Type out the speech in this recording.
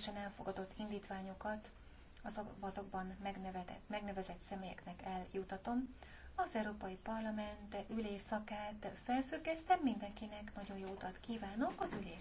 közösen elfogadott indítványokat azokban megnevezett, megnevezett személyeknek eljutatom. Az Európai Parlament ülésszakát felfüggesztem, mindenkinek nagyon jó utat kívánok, az ülés